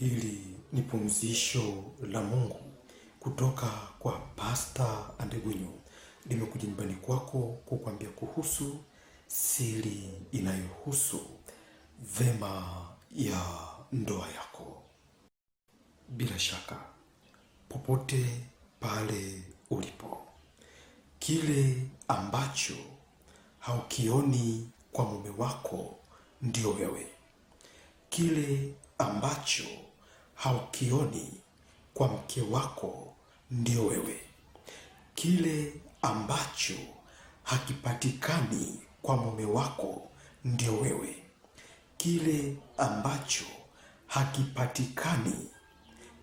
Hili ni pumzisho la Mungu kutoka kwa Pasta Andegunyu, limekuja nyumbani kwako kukuambia kuhusu siri inayohusu vema ya ndoa yako. Bila shaka, popote pale ulipo, kile ambacho haukioni kwa mume wako ndio wewe, kile ambacho haukioni kwa mke wako ndio wewe. Kile ambacho hakipatikani kwa mume wako ndio wewe. Kile ambacho hakipatikani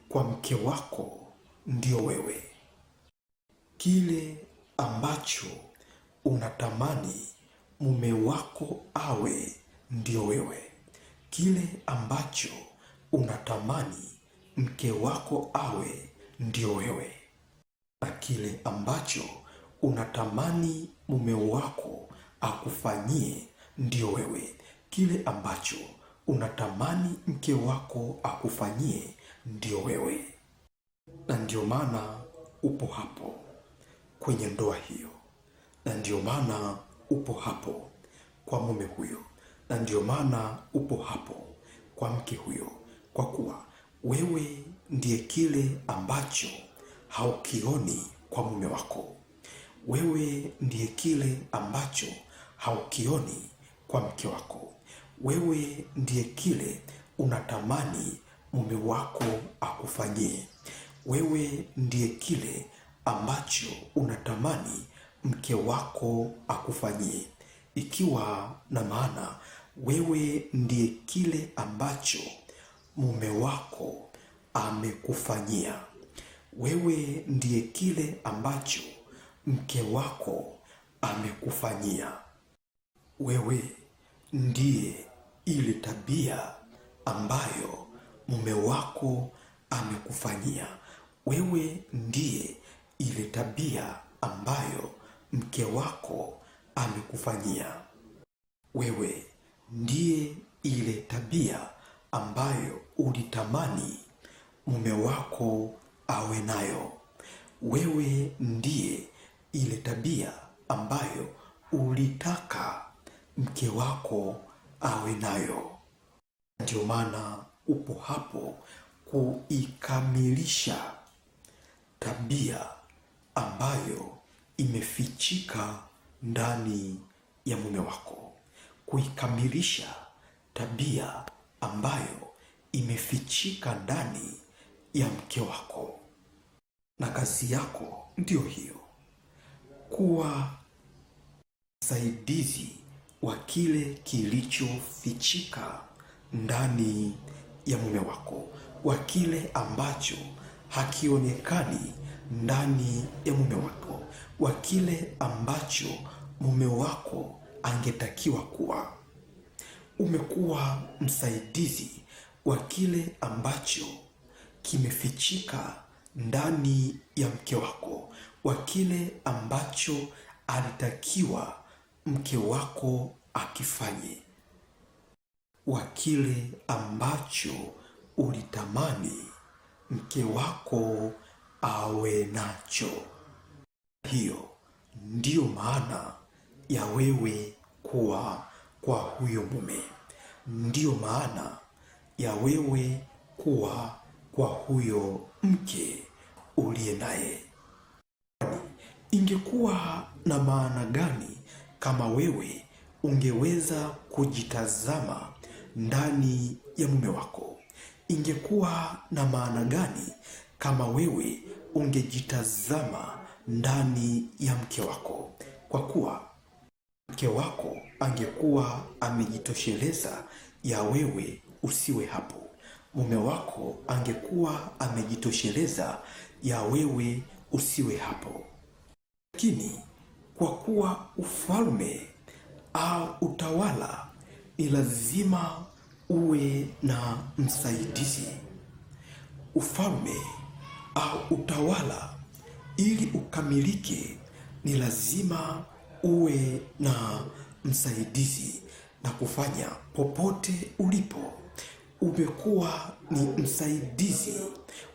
kwa mke wako ndio wewe. Kile ambacho unatamani mume wako awe ndio wewe. Kile ambacho unatamani mke wako awe ndio wewe, na kile ambacho unatamani mume wako akufanyie ndio wewe, kile ambacho unatamani mke wako akufanyie ndio wewe. Na ndio maana upo hapo kwenye ndoa hiyo, na ndio maana upo hapo kwa mume huyo, na ndio maana upo hapo kwa mke huyo kwa kuwa wewe ndiye kile ambacho haukioni kwa mume wako. Wewe ndiye kile ambacho haukioni kwa mke wako. Wewe ndiye kile unatamani mume wako akufanyie. Wewe ndiye kile ambacho unatamani mke wako akufanyie, ikiwa na maana wewe ndiye kile ambacho mume wako amekufanyia. Wewe ndiye kile ambacho mke wako amekufanyia. Wewe ndiye ile tabia ambayo mume wako amekufanyia. Wewe ndiye ile tabia ambayo mke wako amekufanyia. Wewe ndiye ile tabia ambayo ulitamani mume wako awe nayo. Wewe ndiye ile tabia ambayo ulitaka mke wako awe nayo. Ndio maana upo hapo kuikamilisha tabia ambayo imefichika ndani ya mume wako, kuikamilisha tabia ambayo imefichika ndani ya mke wako, na kazi yako ndiyo hiyo, kuwa msaidizi wa kile kilichofichika ndani ya mume wako, wa kile ambacho hakionekani ndani ya mume wako, wa kile ambacho mume wako angetakiwa kuwa umekuwa msaidizi wa kile ambacho kimefichika ndani ya mke wako, wa kile ambacho alitakiwa mke wako akifanye, wa kile ambacho ulitamani mke wako awe nacho. Hiyo ndiyo maana ya wewe kuwa kwa huyo mume. Ndiyo maana ya wewe kuwa kwa huyo mke uliye naye. Ingekuwa na maana gani kama wewe ungeweza kujitazama ndani ya mume wako? Ingekuwa na maana gani kama wewe ungejitazama ndani ya mke wako? Kwa kuwa mke wako angekuwa amejitosheleza ya wewe usiwe hapo. Mume wako angekuwa amejitosheleza ya wewe usiwe hapo. Lakini kwa kuwa ufalme au utawala ni lazima uwe na msaidizi. Ufalme au utawala ili ukamilike ni lazima uwe na msaidizi na kufanya popote ulipo. Umekuwa ni msaidizi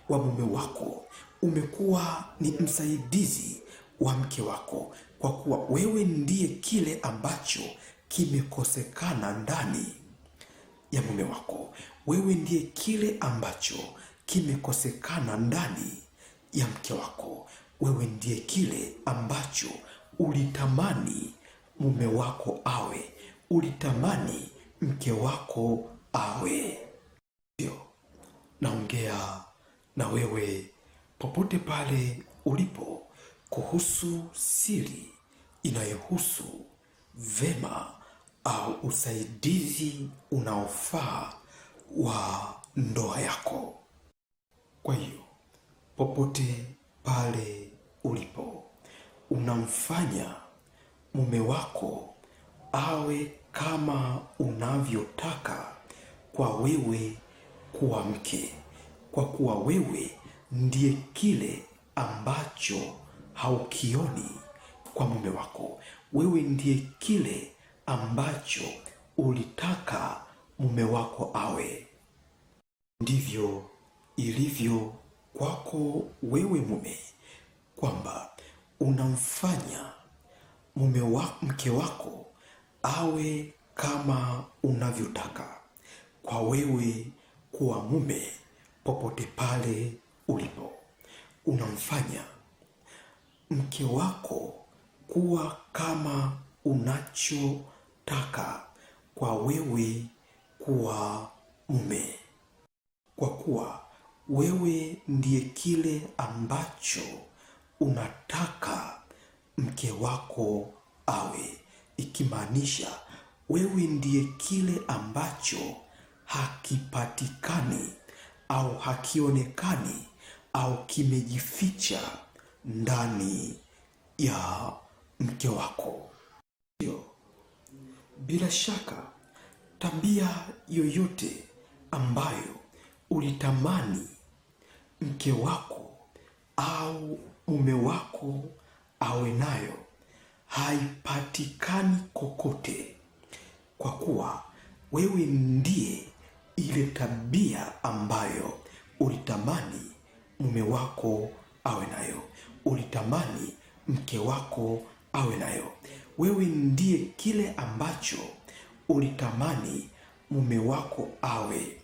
wa mume wako, umekuwa ni msaidizi wa mke wako, kwa kuwa wewe ndiye kile ambacho kimekosekana ndani ya mume wako. Wewe ndiye kile ambacho kimekosekana ndani ya mke wako. Wewe ndiye kile ambacho ulitamani mume wako awe, ulitamani mke wako awe. Ndio naongea na wewe popote pale ulipo kuhusu siri inayohusu vema au usaidizi unaofaa wa ndoa yako. Kwa hiyo popote pale ulipo unamfanya mume wako awe kama unavyotaka kwa wewe kuwa mke, kwa kuwa wewe ndiye kile ambacho haukioni kwa mume wako. Wewe ndiye kile ambacho ulitaka mume wako awe, ndivyo ilivyo kwako wewe mume, kwamba unamfanya mume mke wako awe kama unavyotaka kwa wewe kuwa mume popote pale ulipo. Unamfanya mke wako kuwa kama unachotaka kwa wewe kuwa mume, kwa kuwa wewe ndiye kile ambacho unataka mke wako awe, ikimaanisha wewe ndiye kile ambacho hakipatikani au hakionekani au kimejificha ndani ya mke wako. Ndio, bila shaka tabia yoyote ambayo ulitamani mke wako au mume wako awe nayo haipatikani kokote, kwa kuwa wewe ndiye ile tabia ambayo ulitamani mume wako awe nayo, ulitamani mke wako awe nayo. Wewe ndiye kile ambacho ulitamani mume wako awe,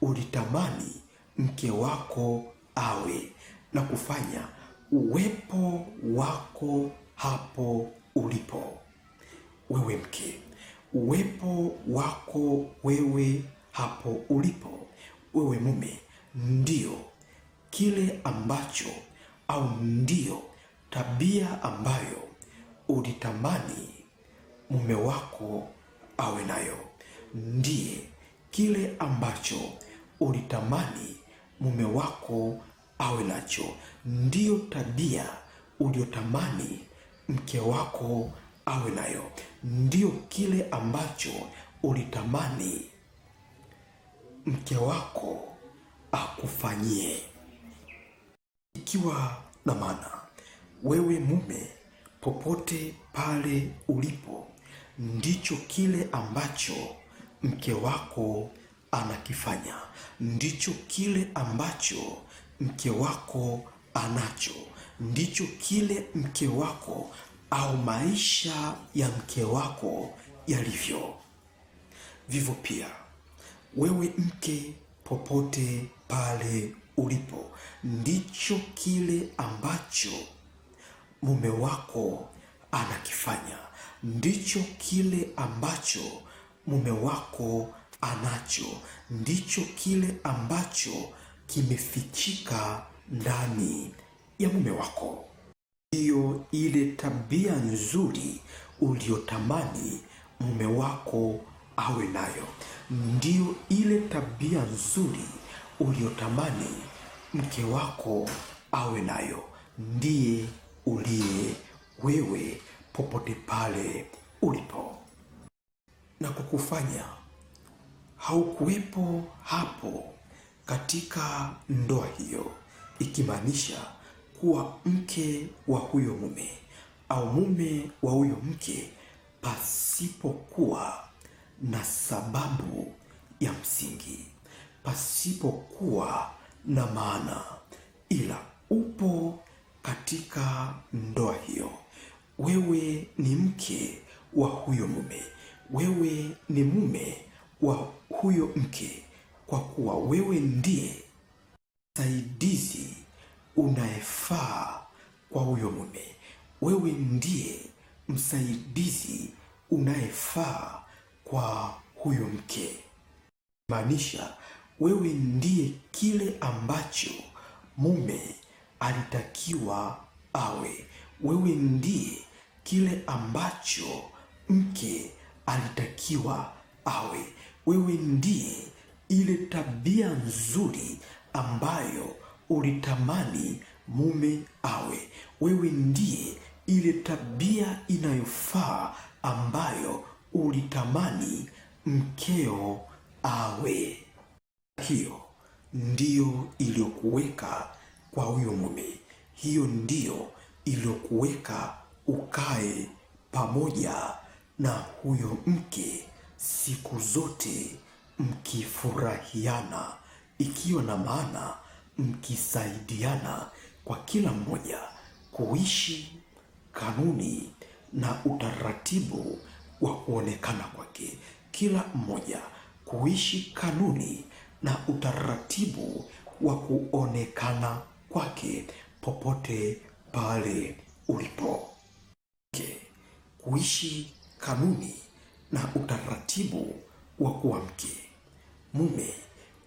ulitamani mke wako awe na kufanya uwepo wako hapo ulipo wewe mke, uwepo wako wewe hapo ulipo wewe mume, ndio kile ambacho au ndio tabia ambayo ulitamani mume wako awe nayo, ndiye kile ambacho ulitamani mume wako awe nacho. Ndiyo tabia uliotamani mke wako awe nayo, ndiyo kile ambacho ulitamani mke wako akufanyie. Ikiwa na maana wewe mume, popote pale ulipo, ndicho kile ambacho mke wako anakifanya, ndicho kile ambacho mke wako anacho ndicho kile mke wako au maisha ya mke wako yalivyo. Vivyo pia wewe mke, popote pale ulipo, ndicho kile ambacho mume wako anakifanya, ndicho kile ambacho mume wako anacho, ndicho kile ambacho kimefichika ndani ya mume wako. Hiyo ile tabia nzuri uliyotamani mume wako awe nayo, ndiyo ile tabia nzuri uliyotamani mke wako awe nayo, ndiye uliye wewe popote pale ulipo, na kukufanya haukuwepo hapo katika ndoa hiyo, ikimaanisha kuwa mke wa huyo mume au mume wa huyo mke pasipokuwa na sababu ya msingi, pasipokuwa na maana, ila upo katika ndoa hiyo. Wewe ni mke wa huyo mume, wewe ni mume wa huyo mke kwa kuwa wewe ndiye saidizi unayefaa kwa huyo mume. Wewe ndiye msaidizi unayefaa kwa huyo mke, maanisha wewe ndiye kile ambacho mume alitakiwa awe. Wewe ndiye kile ambacho mke alitakiwa awe. Wewe ndiye ile tabia nzuri ambayo ulitamani mume awe. Wewe ndiye ile tabia inayofaa ambayo ulitamani mkeo awe. Hiyo ndiyo iliyokuweka kwa huyo mume, hiyo ndiyo iliyokuweka ukae pamoja na huyo mke siku zote mkifurahiana, ikiwa na maana mkisaidiana kwa kila mmoja kuishi kanuni na utaratibu wa kuonekana kwake, kila mmoja kuishi kanuni na utaratibu wa kuonekana kwake popote pale ulipo, kuishi kanuni na utaratibu wa kuwa mke mume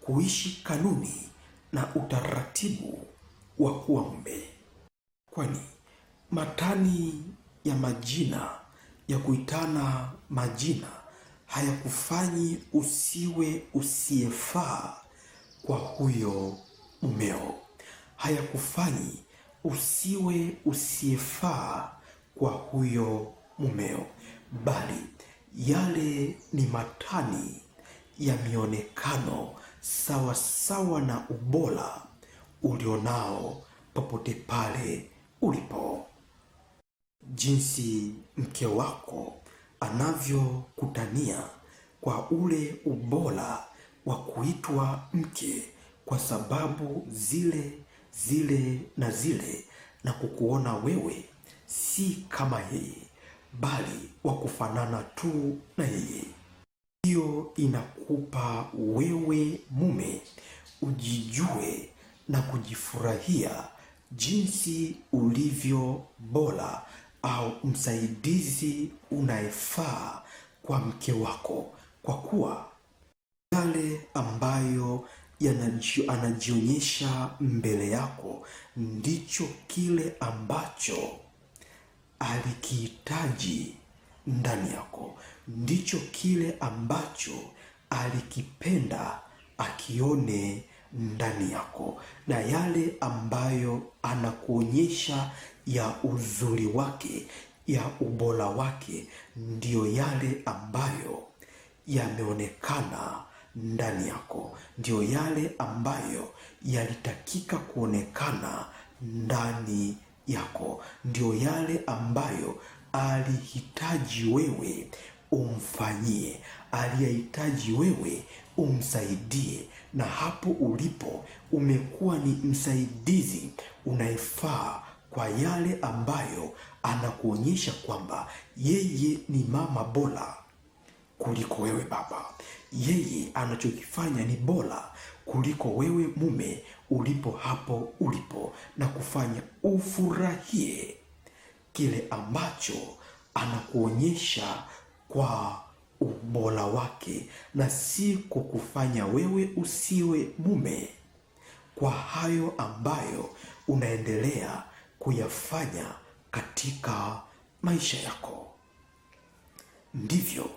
kuishi kanuni na utaratibu wa kuwa mume, kwani matani ya majina ya kuitana majina hayakufanyi usiwe usiyefaa kwa huyo mumeo, hayakufanyi usiwe usiyefaa kwa huyo mumeo, bali yale ni matani ya mionekano sawa sawa na ubora ulionao popote pale ulipo. Jinsi mke wako anavyokutania kwa ule ubora wa kuitwa mke kwa sababu zile zile na zile, na kukuona wewe si kama yeye, bali wa kufanana tu na yeye. Hiyo inakupa wewe mume ujijue na kujifurahia jinsi ulivyo bora au msaidizi unayefaa kwa mke wako, kwa kuwa yale ambayo anajionyesha mbele yako ndicho kile ambacho alikihitaji ndani yako ndicho kile ambacho alikipenda akione ndani yako, na yale ambayo anakuonyesha ya uzuri wake, ya ubora wake, ndiyo yale ambayo yameonekana ndani yako, ndiyo yale ambayo yalitakika kuonekana ndani yako, ndiyo yale ambayo alihitaji wewe umfanyie, aliyehitaji wewe umsaidie, na hapo ulipo umekuwa ni msaidizi unayefaa kwa yale ambayo anakuonyesha kwamba yeye ni mama bora kuliko wewe baba. Yeye anachokifanya ni bora kuliko wewe mume ulipo hapo ulipo, na kufanya ufurahie kile ambacho anakuonyesha kwa ubora wake na si kukufanya wewe usiwe mume kwa hayo ambayo unaendelea kuyafanya katika maisha yako. Ndivyo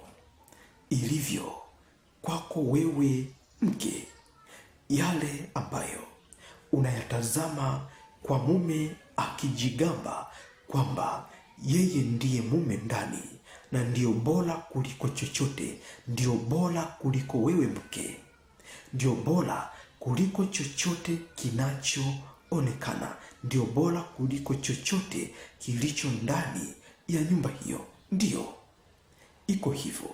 ilivyo kwako wewe mke, yale ambayo unayatazama kwa mume akijigamba kwamba yeye ndiye mume ndani na ndio bora kuliko chochote, ndio bora kuliko wewe mke, ndio bora kuliko chochote kinachoonekana, ndio bora kuliko chochote kilicho ndani ya nyumba hiyo. Ndiyo iko hivyo,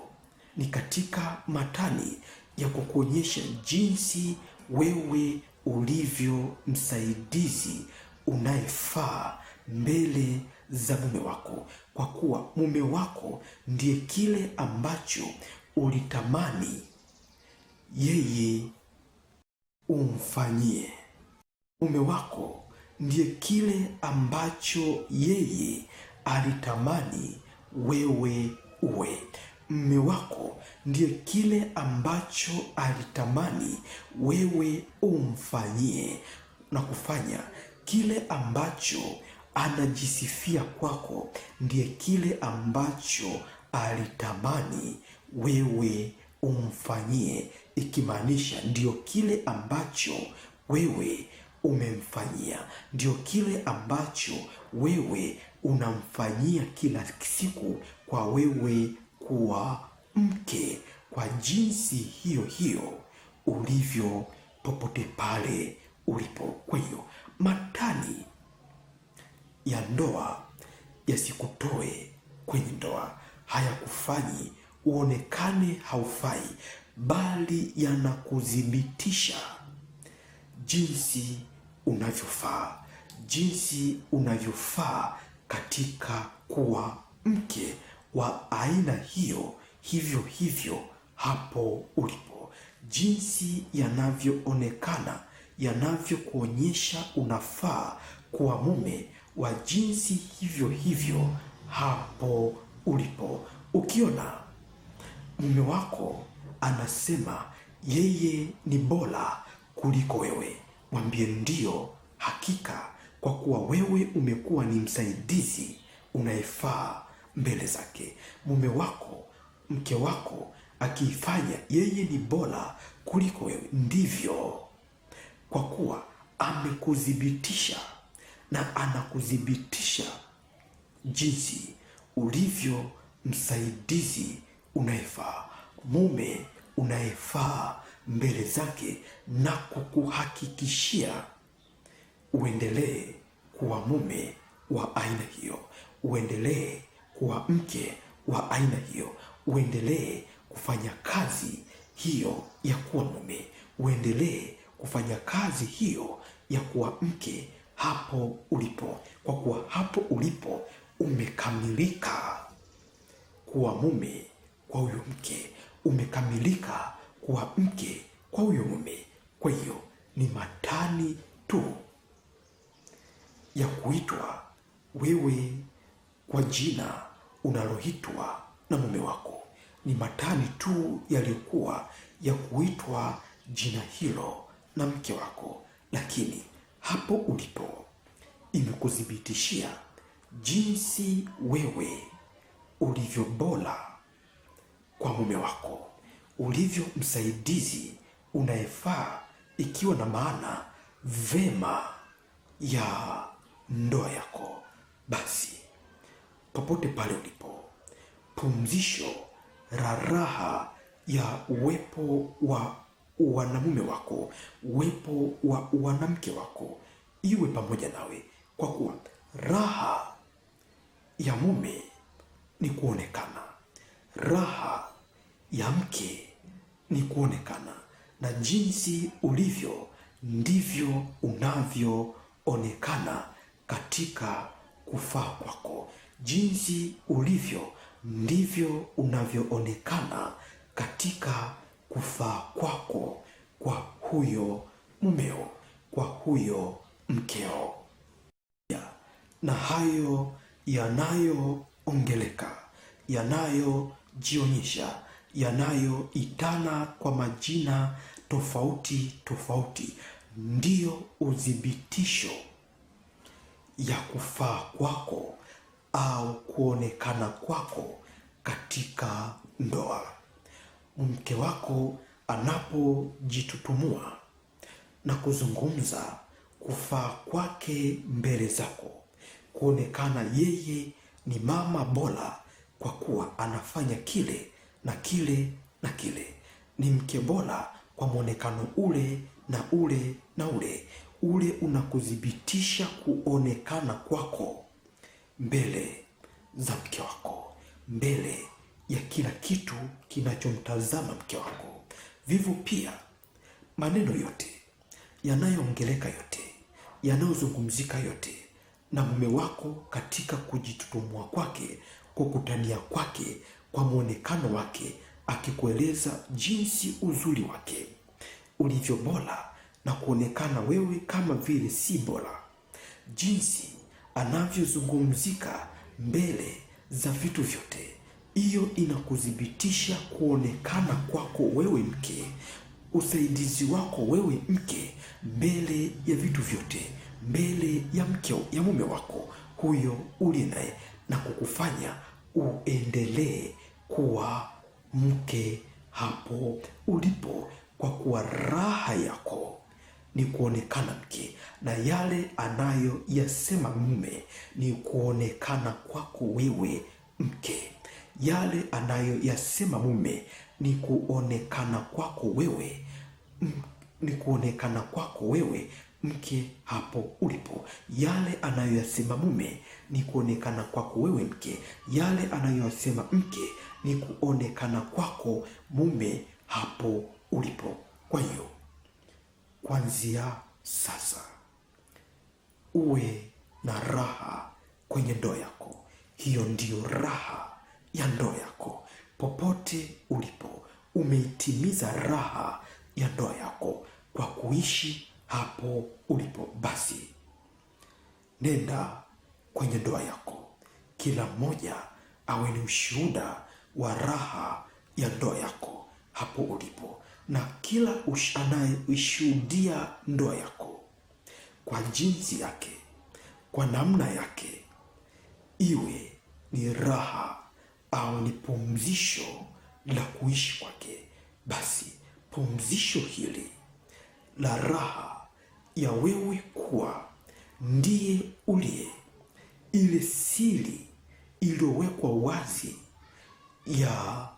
ni katika matani ya kukuonyesha jinsi wewe ulivyo msaidizi unayefaa mbele za mume wako, kwa kuwa mume wako ndiye kile ambacho ulitamani yeye umfanyie. Mume wako ndiye kile ambacho yeye alitamani wewe uwe. Mume wako ndiye kile ambacho alitamani wewe umfanyie na kufanya kile ambacho anajisifia kwako, ndiye kile ambacho alitamani wewe umfanyie, ikimaanisha ndiyo kile ambacho wewe umemfanyia, ndiyo kile ambacho wewe unamfanyia kila siku, kwa wewe kuwa mke, kwa jinsi hiyo hiyo ulivyo, popote pale ulipo. Kwa hiyo matani ya ndoa yasikutoe kwenye ndoa, hayakufanyi uonekane haufai, bali yanakuthibitisha jinsi unavyofaa, jinsi unavyofaa katika kuwa mke wa aina hiyo, hivyo hivyo hapo ulipo, jinsi yanavyoonekana yanavyokuonyesha unafaa kuwa mume wa jinsi hivyo hivyo hapo ulipo. Ukiona mume wako anasema yeye ni bora kuliko wewe, mwambie ndio hakika, kwa kuwa wewe umekuwa ni msaidizi unayefaa mbele zake. Mume wako, mke wako akiifanya yeye ni bora kuliko wewe, ndivyo, kwa kuwa amekuthibitisha na anakuthibitisha jinsi ulivyo msaidizi unayefaa, mume unayefaa mbele zake, na kukuhakikishia uendelee kuwa mume wa aina hiyo, uendelee kuwa mke wa aina hiyo, uendelee kufanya kazi hiyo ya kuwa mume, uendelee kufanya kazi hiyo ya kuwa mke hapo ulipo, kwa kuwa hapo ulipo umekamilika kuwa mume kwa huyo mke, umekamilika kuwa mke kwa huyo mume. Kwa hiyo ni matani tu ya kuitwa wewe kwa jina unaloitwa na mume wako, ni matani tu yaliyokuwa ya kuitwa jina hilo na mke wako, lakini hapo ulipo imekuthibitishia jinsi wewe ulivyo bora kwa mume wako, ulivyo msaidizi unayefaa, ikiwa na maana vema ya ndoa yako. Basi popote pale ulipo, pumzisho la raha ya uwepo wa wanamume wako, uwepo wa wanamke wako iwe pamoja nawe, kwa kuwa raha ya mume ni kuonekana, raha ya mke ni kuonekana, na jinsi ulivyo ndivyo unavyoonekana katika kufaa kwako. Jinsi ulivyo ndivyo unavyoonekana katika kufaa kwako kwa huyo mumeo, kwa huyo mkeo, na hayo yanayoongeleka, yanayojionyesha, yanayoitana kwa majina tofauti tofauti, ndiyo uthibitisho ya kufaa kwako au kuonekana kwako katika ndoa mke wako anapojitutumua na kuzungumza, kufaa kwake mbele zako, kuonekana yeye ni mama bora kwa kuwa anafanya kile na kile na kile, ni mke bora kwa mwonekano ule na ule na ule ule, unakuthibitisha kuonekana kwako mbele za mke wako, mbele ya kila kitu kinachomtazama mke wako. Vivyo pia maneno yote yanayoongeleka, yote yanayozungumzika, yote na mume wako katika kujitutumua kwake, kukutania kwake, kwa mwonekano wake, akikueleza jinsi uzuri wake ulivyo bora na kuonekana wewe kama vile si bora, jinsi anavyozungumzika mbele za vitu vyote hiyo inakuthibitisha kuonekana kwako wewe mke, usaidizi wako wewe mke, mbele ya vitu vyote, mbele ya mke ya mume wako huyo uliye naye, na kukufanya uendelee kuwa mke hapo ulipo, kwa kuwa raha yako ni kuonekana mke, na yale anayoyasema mume ni kuonekana kwako wewe mke yale anayoyasema mume ni kuonekana kwako wewe M ni kuonekana kwako wewe mke hapo ulipo. Yale anayoyasema mume ni kuonekana kwako wewe mke. Yale anayoyasema mke ni kuonekana kwako mume hapo ulipo. Kwa hiyo kwanzia sasa uwe na raha kwenye ndoo yako. Hiyo ndiyo raha ya ndoa yako. Popote ulipo, umeitimiza raha ya ndoa yako kwa kuishi hapo ulipo. Basi nenda kwenye ndoa yako, kila mmoja awe ni ushuhuda wa raha ya ndoa yako hapo ulipo, na kila anayeishuhudia ndoa yako kwa jinsi yake, kwa namna yake, iwe ni raha au ni pumzisho la kuishi kwake, basi pumzisho hili la raha ya wewe kuwa ndiye uliye, ile siri iliyowekwa wazi ya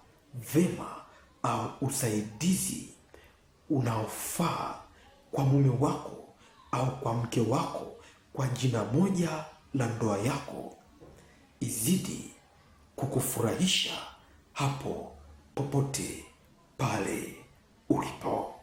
vema au usaidizi unaofaa kwa mume wako au kwa mke wako kwa jina moja la ndoa yako izidi kukufurahisha hapo popote pale ulipo.